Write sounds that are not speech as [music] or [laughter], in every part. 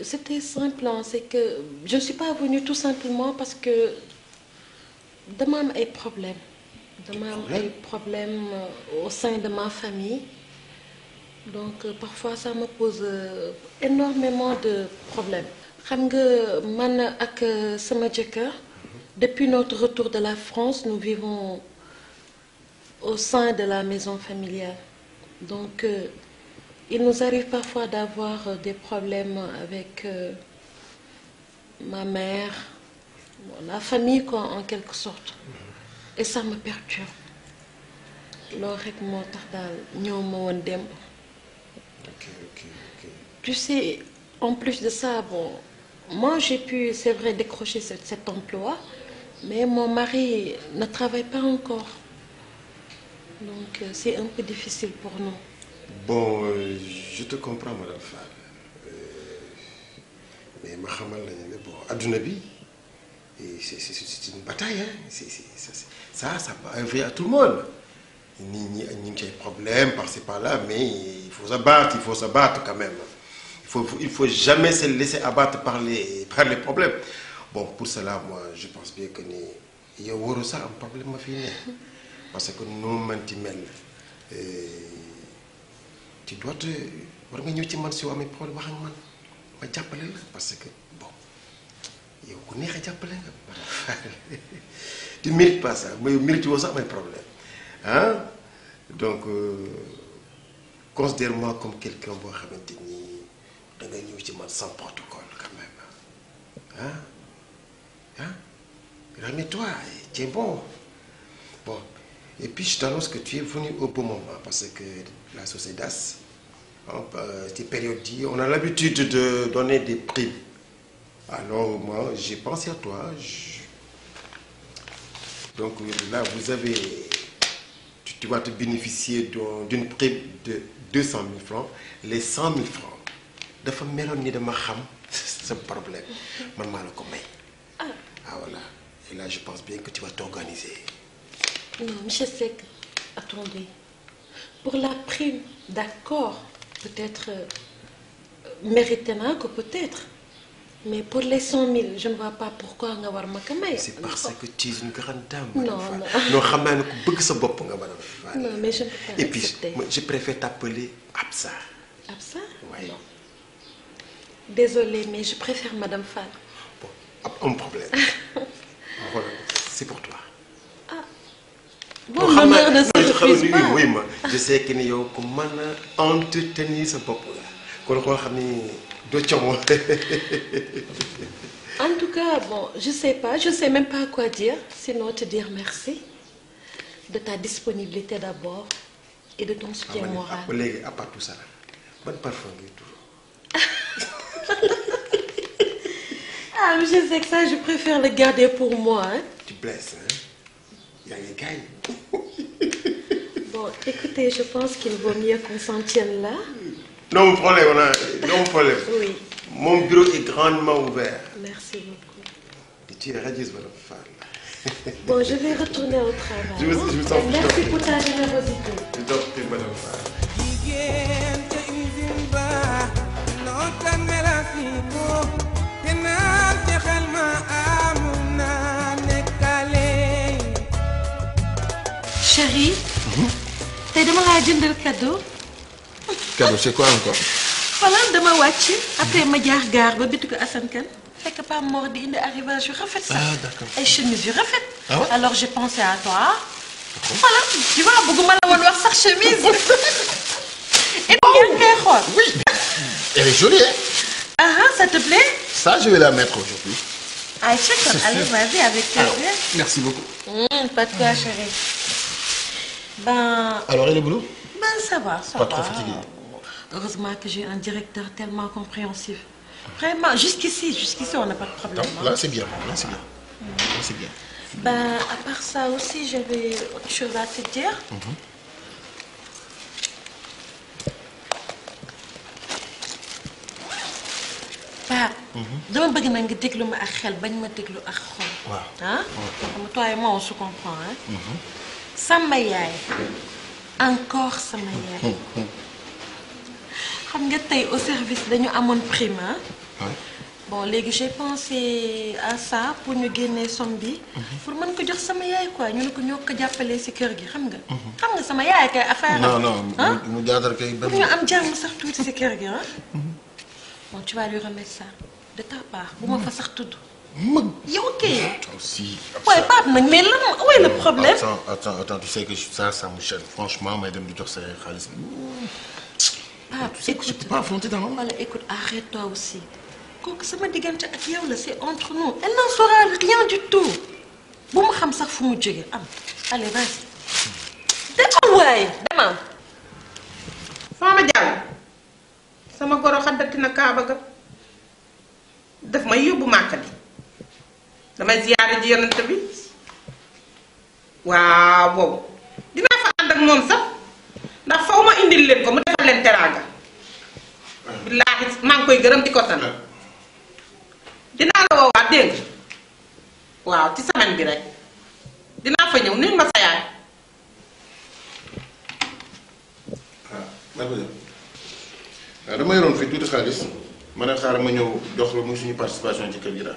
C'était simple, hein. c'est que je ne suis pas venue tout simplement parce que demain est problème. Demain est problème euh, au sein de ma famille. Donc euh, parfois ça me pose euh, énormément de problèmes. Je man mhm. depuis notre retour de la France nous vivons au sein de la maison familiale donc. Il nous arrive parfois d'avoir euh, des problèmes avec euh, ma mère, la famille en quelque sorte. Et ça me perturbe. tu sais en plus de ça moi j'ai pu c'est vrai décrocher cet emploi mais mon mari ne travaille pas encore donc euh, c'est un peu difficile pour nous bon euh, je te comprends madame euh, mais ma bon c'est une bataille hein. ça ça va arriver à tout le monde Il y a un problème par-ci par-là mais il faut s'abattre il faut s'abattre quand même il faut il faut jamais se laisser abattre par les par les problèmes bon pour cela moi je pense bien que ni yow waru sax problème hein. parce que nous, nous tu dois te war nga ñëw ci man si amee problème wax ak man ma jàppale la parce que bon yow ku neex a jàppale nga [laughs] tu mérites pas ça mais mérite woo sax amay problème ah donc euh, considère-moi comme quelqu'un boo xamante ni da nga ñëw ci man sans protocole quand même ah ah Remets toi tiens bon bon. Et puis je t'annonce que tu es venu au bon moment parce que la société, c'est euh, périodique, on a l'habitude de donner des primes. Alors moi, j'ai pensé à toi. Donc là, vous avez, tu, vas te bénéficier d'une prime de 200 000 francs. Les 100 000 francs, de meloon de ma c'est ce problème man vais ah. ah voilà et là je pense bien que tu vas t'organiser. Non, Monsieur Sec, attendez. Pour la prime, d'accord, peut-être euh, méritez-moi peut-être. Mais pour les 100 000, je ne vois pas pourquoi nga war ma caméra. C'est parce que tu es une grande dame. Non, non. Non, Non, mais je ne peux pas Et puis, je préfère t'appeler Absa. Absa Oui. Désolée, mais je préfère madame Fall. Bon, un problème. [laughs] Voilà, C'est pour toi boo xam ne ma je sais que y a ku mën entretenir sa bopp la kon koo xam ni doo [laughs] en tout cas bon je sais pas je sais même pas quoi dire sinon te dire merci de ta disponibilité d'abord et de ton soutien ah, moral. ba léegi à part tout ça bonne parfum toujours. [laughs] ah mais je sais que ça je préfère le garder pour moi. hein.. tu blesses hein. Il y a Bon, écoutez, je pense qu'il vaut mieux qu'on s'en tienne là. Non problème, on a, non problème. oui. Mon bureau est grandement ouvert. Merci beaucoup. Et tu es radieuse, madame Fall. [laughs] bon, je vais retourner au travail. Je vous, hein. je vous en prie. Merci pour ta générosité. Je t'en prie, madame Fall. Chérie, à dama de le cadeau. cadeau c'est quoi encore. Voilà, de ma voiture. après ma jaax gaar ba bitu ko Assane Je fekk Pa Mor di indi arrivage ah d'accord chemise ah alors j'ai pensé à toi. Ah voilà tu vois beaucoup mal à vouloir sa chemise. [laughs] et bien yaa quoi oui elle est jolie hein. ah ah ça te plaît. ça je vais la mettre aujourd'hui. ah c'est allez vas-y avec toi. merci beaucoup. Hum, pas de quoi chérie. Ben. Alors, et le boulot Ben, ça va, ça va. Pas trop fatigué. Heureusement que j'ai un directeur tellement compréhensif. Vraiment, jusqu'ici, jusqu'ici, on n'a pas de problème. Non, hein. là, c'est bien. Là, c'est bien. Là, c'est bien. Ben, à part ça aussi, j'avais autre chose à te dire. Mmh. paa mhm. dama bëgg nag nga déglu ma ak xel bañ ma déglu ak xol. waaw ah. toi et moi on se comprend hein. Mhm sama yaay encore sama yaay xam nga tey au service dañu amoon prime hein? bon léegi j'ai pensé à ça pour ñu génnee somme bi mhm. pour mën ko jox sama yaay quoi ñu ne ko ñoo ko jàppalee si kër gi xam nga mhm. xam nga sama yaay kay affaire non non hein? mu jaatar kay pour ñu am jàmm sax tuuti si kër gi ah bon tu vas lui remettre ça de ta part bu ma fa sax tudd Meug. Yo, ok. Toi aussi. Ouais, pas mais mais là, où est le problème Attends, attends, attends, tu sais que ça, ça me gêne. Franchement, madame Dutour, docteur, c'est Pape, ah, tu sais écoute, que je peux pas affronter dans l'homme. Écoute, arrête-toi aussi. kooku sama diggante ak yow la c'est entre nous elle n'en saura rien du tout Bon, ma xam sax fu mu allez vas-y D'accord, ouais. Oh, Demain. faama jàll sama goro xaddati na kaaba ga daf may yóbbu vous bi damay ziyaare ji yonent bi waaw boobu dinaa fa ànd ak moom sax ndax faw ma indil leen ko mu defal leen teraanga billaahi maa ngi koy gërëm di ko sant dinaa la woowaat dégg waaw ci semaine bi rek dinaa fa ñëw nit ma sa yaay waaw ah, ah, dama yoroon fii tuuti xaalis ma ne xaaral ma ñëw jox la suñu participation ci kër gi daal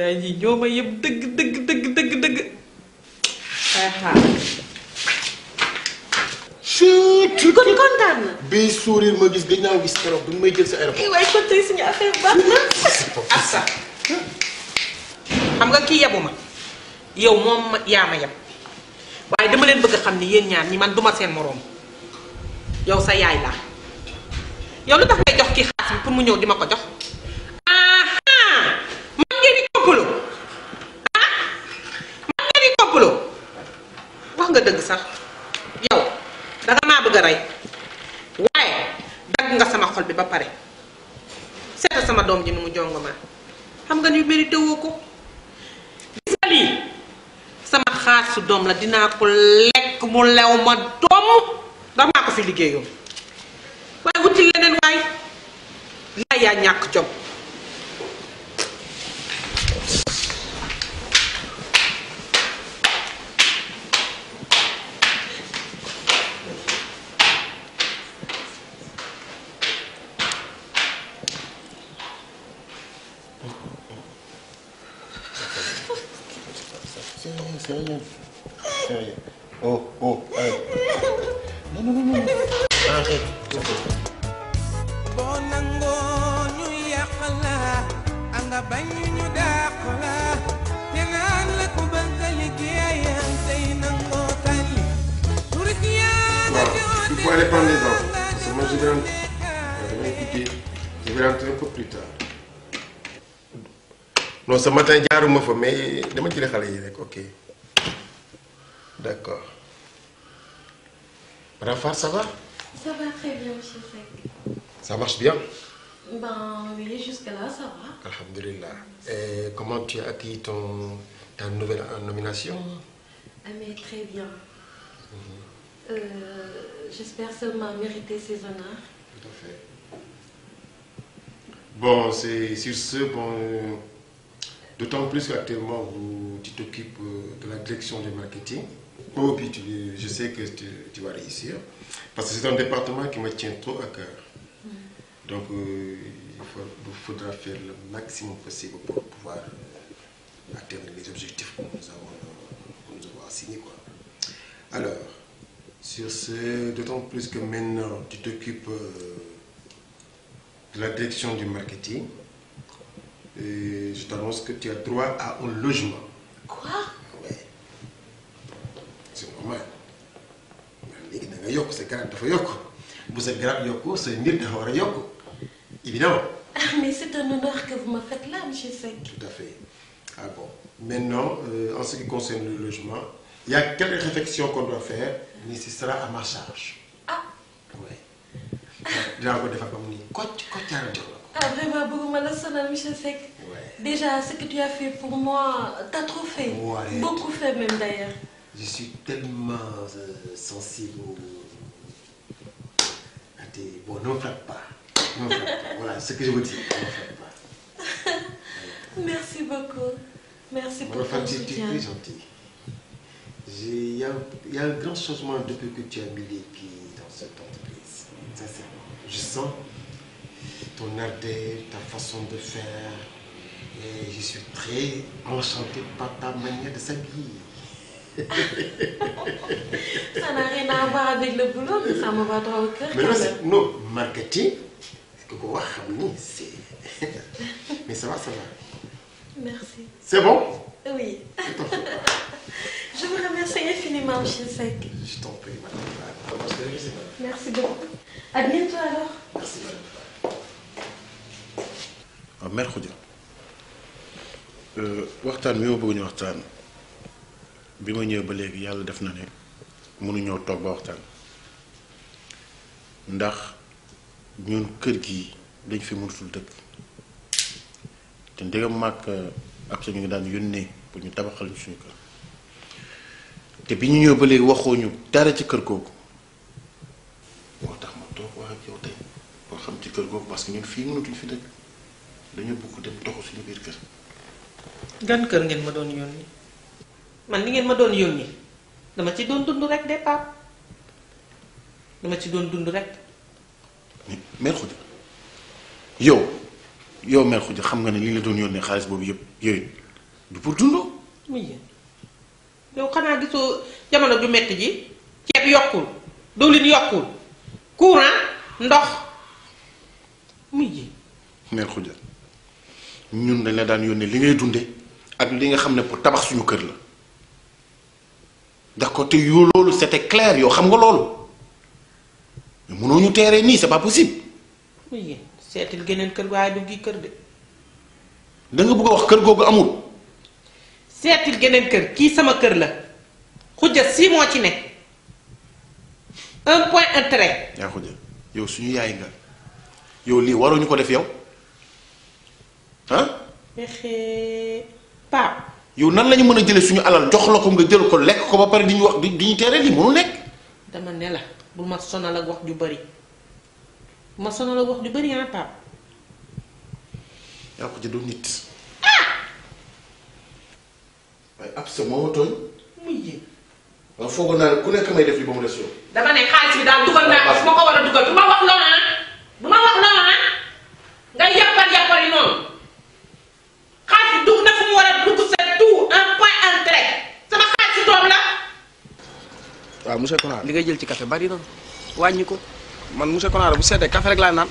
alhamdulilah ñii ñoo ma yëpp dëgg dëgg dëgg dëgg dëgg ay xaar chut kon kontaan gis gëj naa gis keroog jël sa aéroport waaye kon tey suñu affaire baax na asa [laughs] xam nga kii yebu ma yow moom yaa ma yeb waaye dama leen bëgg xam ne yéen ñaar ñi man duma seen moroom yow sa yaay laa yow lu tax ngay jox kii xaalis bi pour mu ñëw di ma ko jox rey waaye dagg nga sama xol bi ba pare seetal sama doom ji ni mu jongo xam nga ni mérité woo ko gis nga lii sama xaalisu doom la dinaa ko lekk mu lew ma doom ndax ko fi liggéeyoo waaye wuti leneen waaye laa yaa ñàkk jom Все, все, все. Oh, oh, ай. No, no, no, no. aller prendre les je vais, Je vais rentrer un peu plus tard. ce matin jaaruma temps mais je vais xale aller rek ok d'accord Rafa, ça va. ça va très bien monsieur Sec. ça marche bien. ben oui jusque-là ça va. Alhamdulillah. et comment tu as acquis ton ta nouvelle nomination. Ah, très bien. Mhm. Euh, j'espère seulement mériter ces honneurs. tout à fait bon c'est sur ce bon. D'autant plus qu'actuellement, tu t'occupes euh, de la direction du marketing. Oh, puis je sais que tu, vas réussir. Parce que c'est un département qui me tient trop à cœur. Mm. Donc, euh, il, faudra faire le maximum possible pour pouvoir atteindre les objectifs que nous avons, euh, assignés. Alors, sur ce, d'autant plus que maintenant, tu t'occupes de la direction du marketing je t'annonce que tu as droit à un logement. Quoi ah Ouais. C'est normal. C'est grave, y a Vous êtes grave de Vous êtes garab évidemment. ah mais c'est un honneur que vous me faites là M. Seck. tout à fait ah bon maintenant euh, en ce qui concerne le logement il y a quelques réflexions qu'on doit faire mais ce sera à ma charge. ah oui. faire comme Quoi? tu ah, vraiment, beaucoup la sonal, Michel Sec. Déjà, ce que tu as fait pour moi, t'as trop fait. Beaucoup fait même d'ailleurs. Je suis tellement euh, sensible à tes... Bon, n'en frappe pas. Non, frappe pas. [laughs] Voilà ce que je vous dis. N'en frappe pas. [laughs] Merci beaucoup. Merci beaucoup. pour ton soutien. Tu es très gentil. Il y, y, a un grand changement depuis que tu as mis les pieds dans cette entreprise. Sincèrement. Je sens ton art, ta façon de faire. Et je suis très enchantée par ta manière de s'habiller. [laughs] ça n'a rien à voir avec le boulot, mais ça me va droit au cœur. Mais non, c'est, non, marketing, c'est [laughs] Mais ça va, ça va. Merci. C'est bon Oui. [laughs] Je vous remercie infiniment, M. Sec. Je t'en prie, madame. Merci beaucoup. À bientôt alors. Merci, waaw Mère Khoudia euh, waxtaan bi ma bëgg waxtaan bi ma ñëw ba léegi yàlla def na ne mënuñoo toog ba waxtaan ndax ñun kër gi dañ fi mënatul dëkk te ndegam màkk ak sañu ngi daan yónnee bu ñu tabaxal ñu suñu kër te bi ñu ñëw ba léegi waxoo ñu ci kër googu moo tax ma toog wax ak yow boo xam ci kër googu parce que ñun fii mënatuñ fi dëkk dañu bugg dem toxu suñu biir kër. gan kër ngeen ma doon yónni man li ngeen ma doon yónni dama ci doon dund rek de Pape dama ci doon dund rek. mère Khoudia yow yow mère Khoudia xam nga ne li ñu la doon yónnee xaalis boobu yëpp yooyu du pour dund. muy yow xanaa gisoo jamono ju metti ji ceeb yokkul diwlin yokkul courant ndox muy mère Khoudia. ñun dañ la daan yónnee li ngay dunde ak li nga xam ne pour tabax suñu kër la d'accord te yoo loolu c'était clair yoo xam nga loolu mënoo ñu teeree nii c'est pas possible. oui seetil geneen kër waaye du gi kër de. danga nga bëgg a wax kër googu amul. seetil geneen kër kii sama kër la xujja si moo ci ne un point un yaa xujja yow suñu yaay nga yow lii ñu ko def yow. ah. pexe Pape. yow nan la mën a jëlee suñu alal jox la ko mu nga jël ko lekk ko ba pare di ñu wax di ñu tere li mënu nekk. dama ne la bu ma sonal ak wax ju bari bu ma sonal ak wax ju bari ah nit. waaye ab ba mu des yow. dama ne xaalis bi daal dugal naa ko su ma ko war a dugal du ma wax loolu waaw monsieur Konaar li nga jël ci café bari na wàññi ko man monsieur Konaar bu seddee café rek laa naan.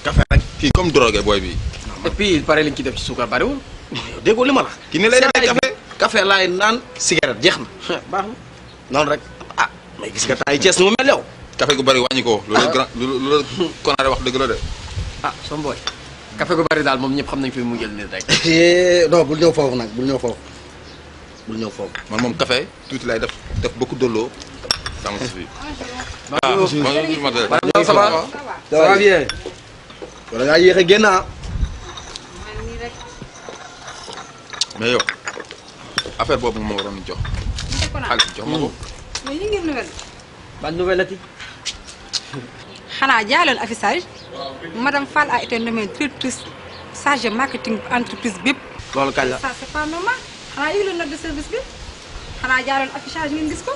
café rek kii comme drogué booy bi. et puis pare liñ ci def ci suukar bariwul. déggoo li ma la. ki ne lay naan café café laay naan cigarette jeex baax na rek ah may gis nga temps yi Thiès nu mu mel yow. café gu bari wàññi ko. Ah. loolu grand loolu Konaar wax dëgg la de. ah sama boy. café gu bari daal moom ñëpp xam nañ fi mu jël nii rek. [laughs] Eh, non bul ñëw foofu nag bul ñëw foofu bul ñëw foofu. man moom café tuuti lay def def beaucoup de l'eau ça va ça va bien. wala ngaa yéex a génn ah. mais yow affaire boobu nga ma waroon jox. xaalis jox ma ko. mais ñu ngi nouvelle. ban nouvelle la ti. xanaa jaay leen affichage madame Fall a été nommée directrice chargée marketing entreprise bépp. loolu kañ la ça c'est pas normal xanaa yëglu note de service bi xanaa jaay leen affichage ngeen gis ko.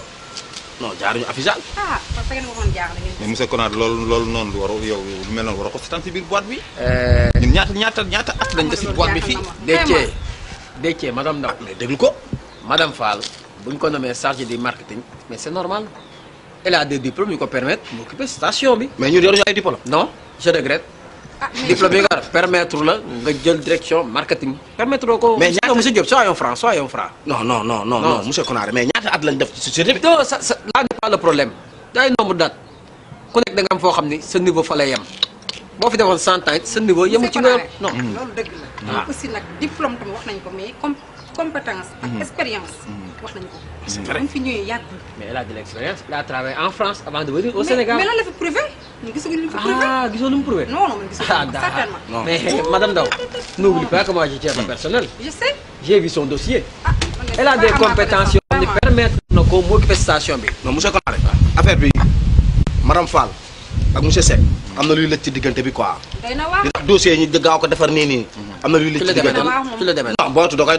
non jaaruñu affichage. ah parce que ngeen waxoon jaar da ngeen. mais monsieur Konate loolu loolu noonu lu war a yow lu mel noonu war a ko seetaan biir boîte bi. Euh, ñun ñaata ñaata ñaata at lañ def si boîte bi fii. Déthié Déthié madame Ndaw ah, mais déglu ko. madame Fall bu ñu ko nommee chargé du marketing mais c'est normal elle a des diplômes yu ko permettre mu occuper station bi. mais ñun yoruñu ay diplôme. non je regrette. diplôme yi nga la nga jël direction marketing. permettre la ko mais ñaata monsieur Diop soyons franc soyons franc. non non non non non monsieur Konaré mais ñaata at def ci société bi. non ça ça là problème day nombre dat ku nekk da am foo xam ni sa niveau fa lay boo fi defoon cent ans it sa niveau yemu ci nga. non loolu dëgg compétence mhm. expérience mhm. wax mais elle a de l'expérience elle a travaillé en France avant de venir au Sénégal mais elle la fait prouver. non, gisaguñu lu fi ah gisoo lu prouver. prouvé non non man gisaguñu ah, certainement non mais madame Ndao n'oublie pas que moi j'ai tiens mm. personnel je sais j'ai vu son dossier ah, elle a des compétences qui permettent ne permettre na ko station non monsieur Konaré affaire bi madame Fall ak monsieur Seck am na luy lëcc ci diggante bi quoi. dossier yi ñu qui ko defar nii nii. am na luy lëcc ci diggante bi ci la demee noonu bootu da koy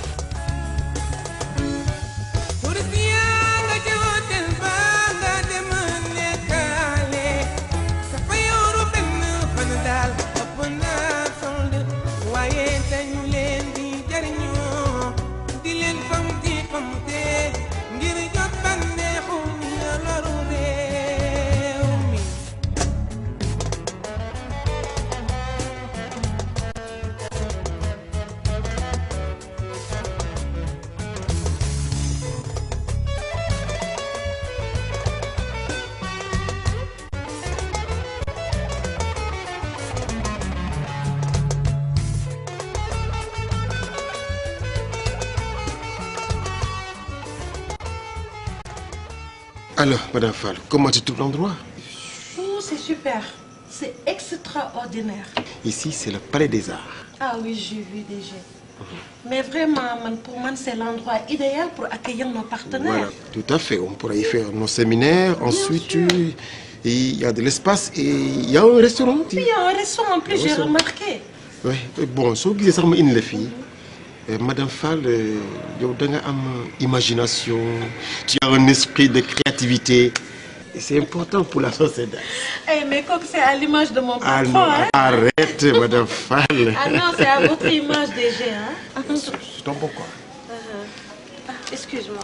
Alors, Madame Fall, comment tu trouves l'endroit oh, c'est super. C'est extraordinaire. Ici, c'est le Palais des Arts. Ah oui, j'ai vu déjà. Mhm. Mais vraiment, pour moi, c'est l'endroit idéal pour accueillir nos partenaires. tout à fait. On pourrait y faire nos séminaires. Ensuite, il y a de l'espace et il y a un restaurant. Oui, il y a un restaurant en plus, j'ai remarqué. Oui, bon, ça, c'est une fille. Eh, Madame Fall, tu as une imagination tu as un esprit de créativité c'est important pour la société. Eh, mais comme c'est à l'image de mon ah père. Hein. arrête Madame Fall. Ah non, c'est à votre image déjà. Attention. Hein. C'est ton pourquoi. Uh-huh. excuse-moi.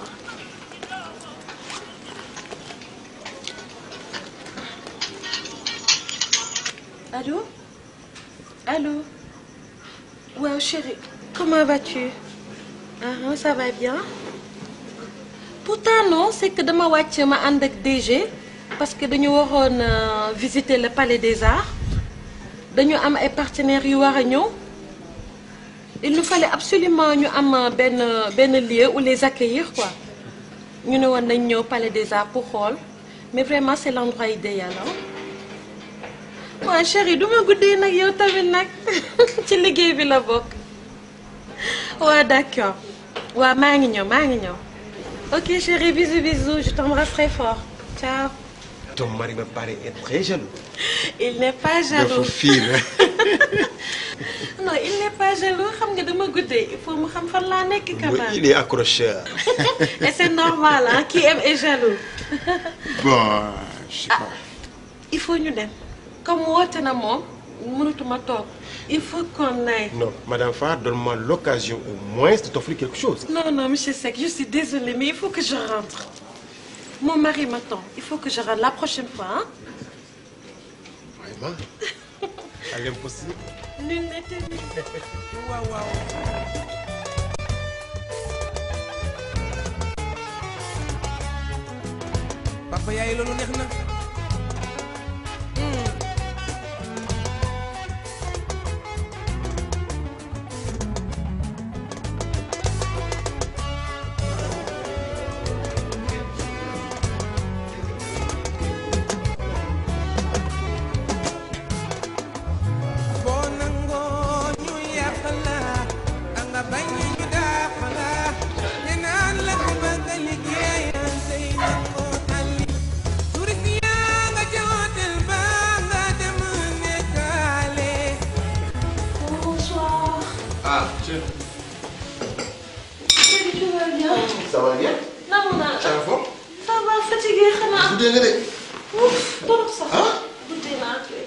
Allô Allô Ouais, chérie. Comment vas-tu ah, hein, Ça va bien Pourtant non, c'est que demain je ma avec DG parce que nous avons euh, visité le palais des arts Nous avons ay partenaires yu il nous fallait absolument ñu am un euh, lieu où les accueillir quoi ñu ne woon palais des arts pour hall, mais vraiment c'est l'endroit idéal Mon hein. chéri, chérie ma guddee yow tamit es [laughs] ci liggéey bi la Ouais, d'accord. Ouais, magnon, magnon. Ok, chérie, bisous, bisous. Je t'embrasse très fort. Ciao. Ton mari me paraît être très jaloux. [laughs] Il n'est pas jaloux. [laughs] non, il n'est pas jaloux. Il faut me Il est accrocheur. [laughs] Et c'est normal, hein? Qui aime est jaloux. Bon, je sais ah, pas. il faut nous aimer. Comme moi, t'es il faut qu'on aille. non madame Farr donne-moi l'occasion au moins de t'offrir quelque chose. non non monsieur Seck je suis désolée mais il faut que je rentre mon mari m'attend il faut que je rentre la prochaine fois hein vraiment. [laughs] à l'impossible. nul n'était Waouh, waouh. papa yaay loolu le na. Ah, tiens. Salut, tu vas bien Ça va bien Non, mon a... Ça nga de. ouf trop naa tey.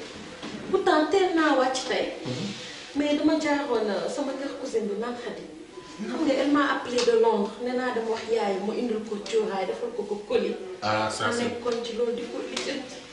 teel naa wàcc tey. mais dama jaaroon euh, sama kër cousine bi naan xadi. xam nga elle m'a de Londres nee naa dama wax yaay mu indil ko cuuraay defal ko ko colis. ah nekkoon ci loolu di ko lijjanti.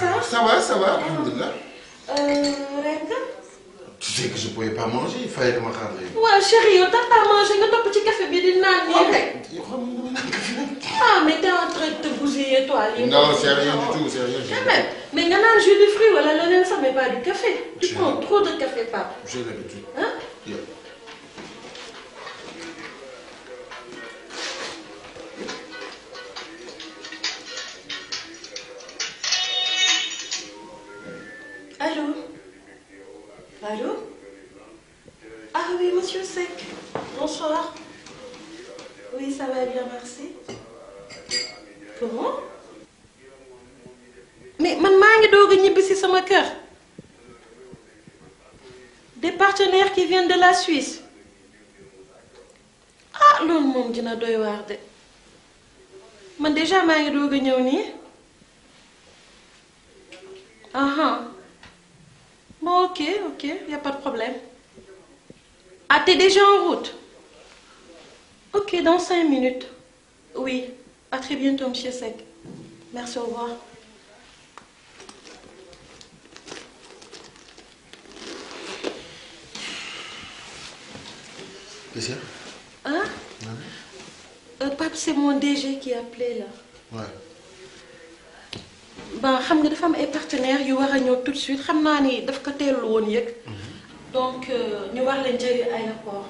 Ça va, ça va, Regarde. Euh, Tu sais que je ne pouvais pas manger, il fallait que je m'en Ouais, chérie on t'a pas mangé on topp petit café bien de naan ah, ah mais t'es en train de te bousiller toi. non c'est rien du tout c'est rien du eh ben, tout. mais j'ai du jus de voilà, là, ça ça, mais pas du café. tu prends trop de café papa. j'ai l'habitude. hein sais Sec, bonsoir. Oui, ça va bien, merci. Comment Mais man je ngi doog Des partenaires qui viennent de la Suisse. Ah le monde, je doy waar de. man déjà maa Ok, suis Bon, ok, ok, n'y a pas de problème. Ah, t'es déjà en route Ok, dans cinq minutes. Oui, à très bientôt, monsieur Sec. Merci, au revoir. Hein euh, Pape, c'est mon DG qui a appelé là. Ouais. Ben, je sais que les femmes partenaire, partenaires, ils vont tout de suite. Je sais que les femmes donc nous euh, wax aller à l'aéroport.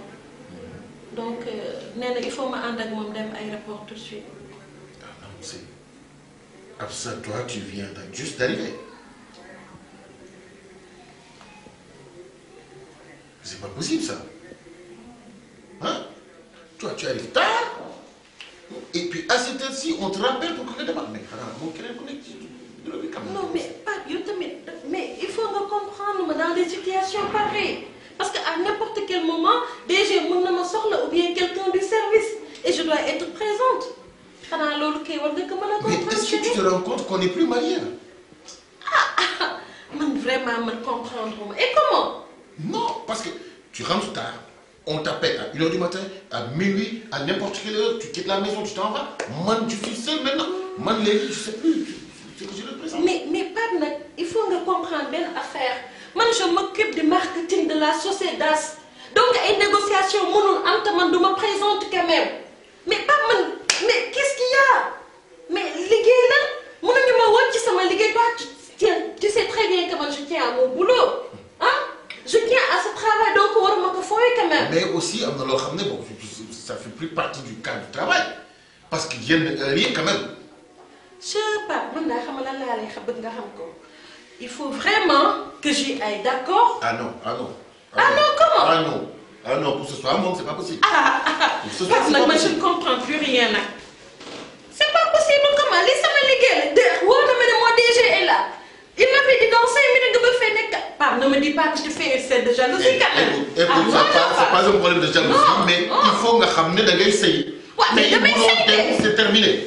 donc euh, il faut que je moi-même à l'aéroport tout de suite. ah non c'est ça, toi tu viens juste d'arriver c'est pas possible ça Hein? toi tu arrives tard et puis à cette heure-ci on te rappelle pour que te pas mais xanaa moo tu non mais comprendre dans l'éducation situations parce qu'à n'importe quel moment déjà mon nom sort ou bien quelqu'un du service et je dois être présente xanaa loolu est-ce que tu te rends compte qu'on n'est plus mariés là. ah, ah, ah. vraiment me comprendre et comment. non parce que tu rentres tard on t'appelle à une heure du matin à minuit à n'importe quelle heure tu quittes la maison tu t'en vas Moi, tu suis seul maintenant les les je sais plus mais mais il faut que comprendre bien affaire moi je m'occupe du marketing de la société donc une négociation je am me présente quand même mais pas mais qu'est-ce qu'il y a mais liggéey la mënuñu ma woon ci sama liggéey tu tu sais très bien comment je tiens à mon boulot hein je tiens à ce travail donc war ma ko quand même. mais aussi ça ne ça fait plus partie du cadre du travail parce qu'il n'y a rien euh, quand même je Pape man daa lan lay nga il faut vraiment que j'y aille d'accord. ah non ah non. ah, ah non comment ah non ah non pour ce soir mon, c'est pas possible. ah ah ah. ah, je ne comprends plus rien Ce c'est pas possible comment Laisse-moi les gueules. de wóor na ma ne DG est là il m'a fait dit dans cinq minutes nga me fais ne me dis pas que tu fais scène de jalousie eh, ah, c'est pas un problème de jalousie. mais il faut nga xam ne da ngay mais damay sëy c'est terminé.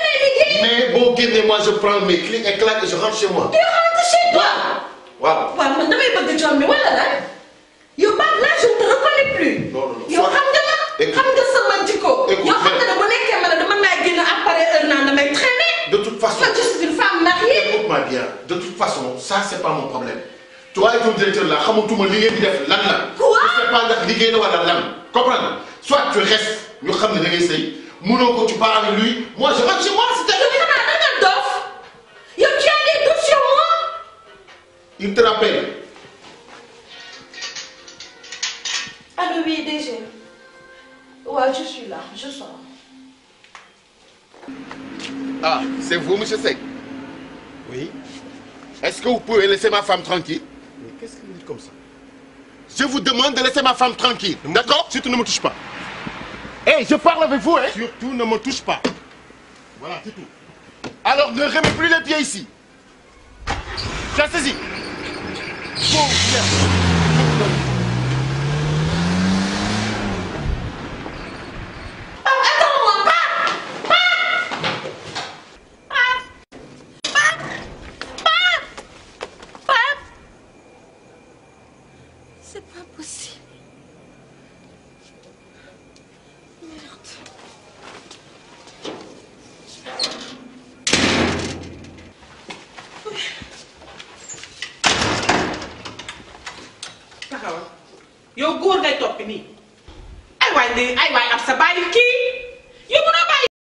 mais boo génnee moi je prends mes clés et claque et je rentre chez moi. tu rentres chez toi. Waouh. waaw. waaw man damay pas jom mi wala là Yo, par là je ne te reconnais plus. non non yow xam nga ma xam nga sama Yo yow xam nga ne bu nekkee ma ne dama naa génn à pareille heure traîner. de toute façon je suis une femme mariée. écoute-moi bien de toute façon ça c'est pas mon problème. toi et ton directeur là xamatuma tout ngeen di def là la. quoi je sais pas ndax liggéey na wala lan. comprendre soit tu restes ñu xam ne da ngay sëy mënoo tu parles avec lui moi je rentre chez moi. Il te rappelle. Ah oui, DG. Ouais, je suis là, je sors. Ah, c'est vous, monsieur Sec Oui. Est-ce que vous pouvez laisser ma femme tranquille Mais qu'est-ce que vous dites comme ça Je vous demande de laisser ma femme tranquille, d'accord Surtout ne me touche pas. Hé, eh, je parle avec vous, hein Surtout ne me touche pas. Voilà, c'est tout. Alors ne remets plus les pieds ici. Je y Move